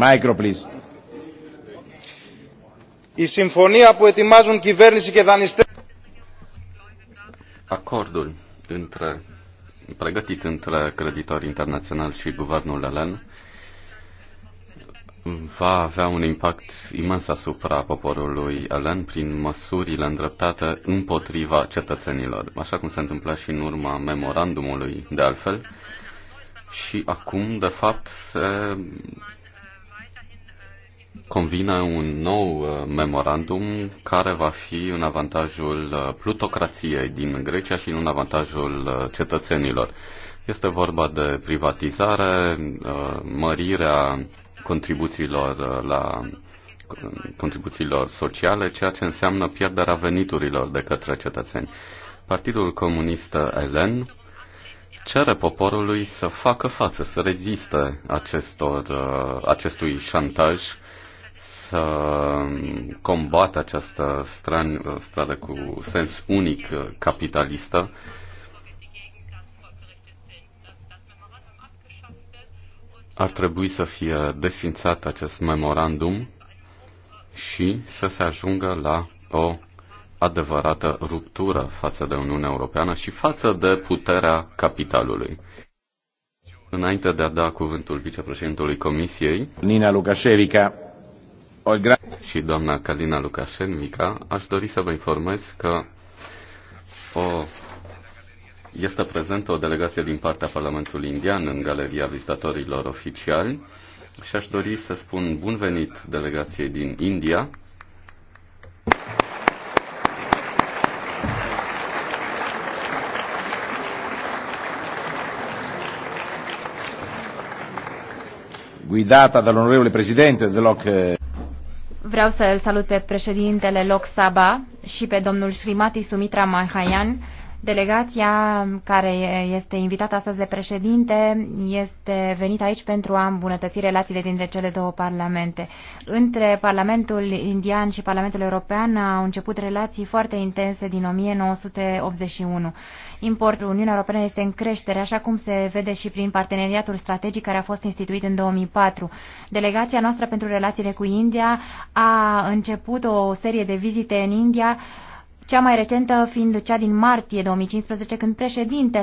Micro, please. Η συμφωνία που ετοιμάζουν κυβέρνηση και δανειστέ. Acordul între, pregătit între creditori internaționali și guvernul elen va avea un impact imens asupra poporului elen prin măsurile îndreptate împotriva cetățenilor, așa cum se întâmpla și în urma memorandumului de altfel. Și acum, de fapt, se convine un nou uh, memorandum care va fi în avantajul uh, plutocrației din Grecia și în avantajul uh, cetățenilor. Este vorba de privatizare, mărirea contribuțiilor la contribuțiilor sociale, ceea ce înseamnă pierderea veniturilor de către cetățeni. Partidul Comunist Elen cere poporului să facă față, să reziste acestor, acestui șantaj să combată această stran, stradă cu sens unic capitalistă. Ar trebui să fie desfințat acest memorandum și să se ajungă la o adevărată ruptură față de Uniunea Europeană și față de puterea capitalului. Înainte de a da cuvântul vicepreședintelui Comisiei, Nina Lukashevica, și doamna Kalina Mica, aș dori să vă informez că o, este prezentă o delegație din partea Parlamentului Indian în Galeria Vizitatorilor Oficiali și aș dori să spun bun venit delegației din India. guidata dall'onorevole presidente loc. Vreau să îl salut pe președintele Lok Sabha și pe domnul Srimati Sumitra Mahayan, Delegația care este invitată astăzi de președinte este venită aici pentru a îmbunătăți relațiile dintre cele două parlamente. Între Parlamentul Indian și Parlamentul European au început relații foarte intense din 1981. Importul Uniunii Europene este în creștere, așa cum se vede și prin parteneriatul strategic care a fost instituit în 2004. Delegația noastră pentru relațiile cu India a început o serie de vizite în India cea mai recentă fiind cea din martie 2015, când președintele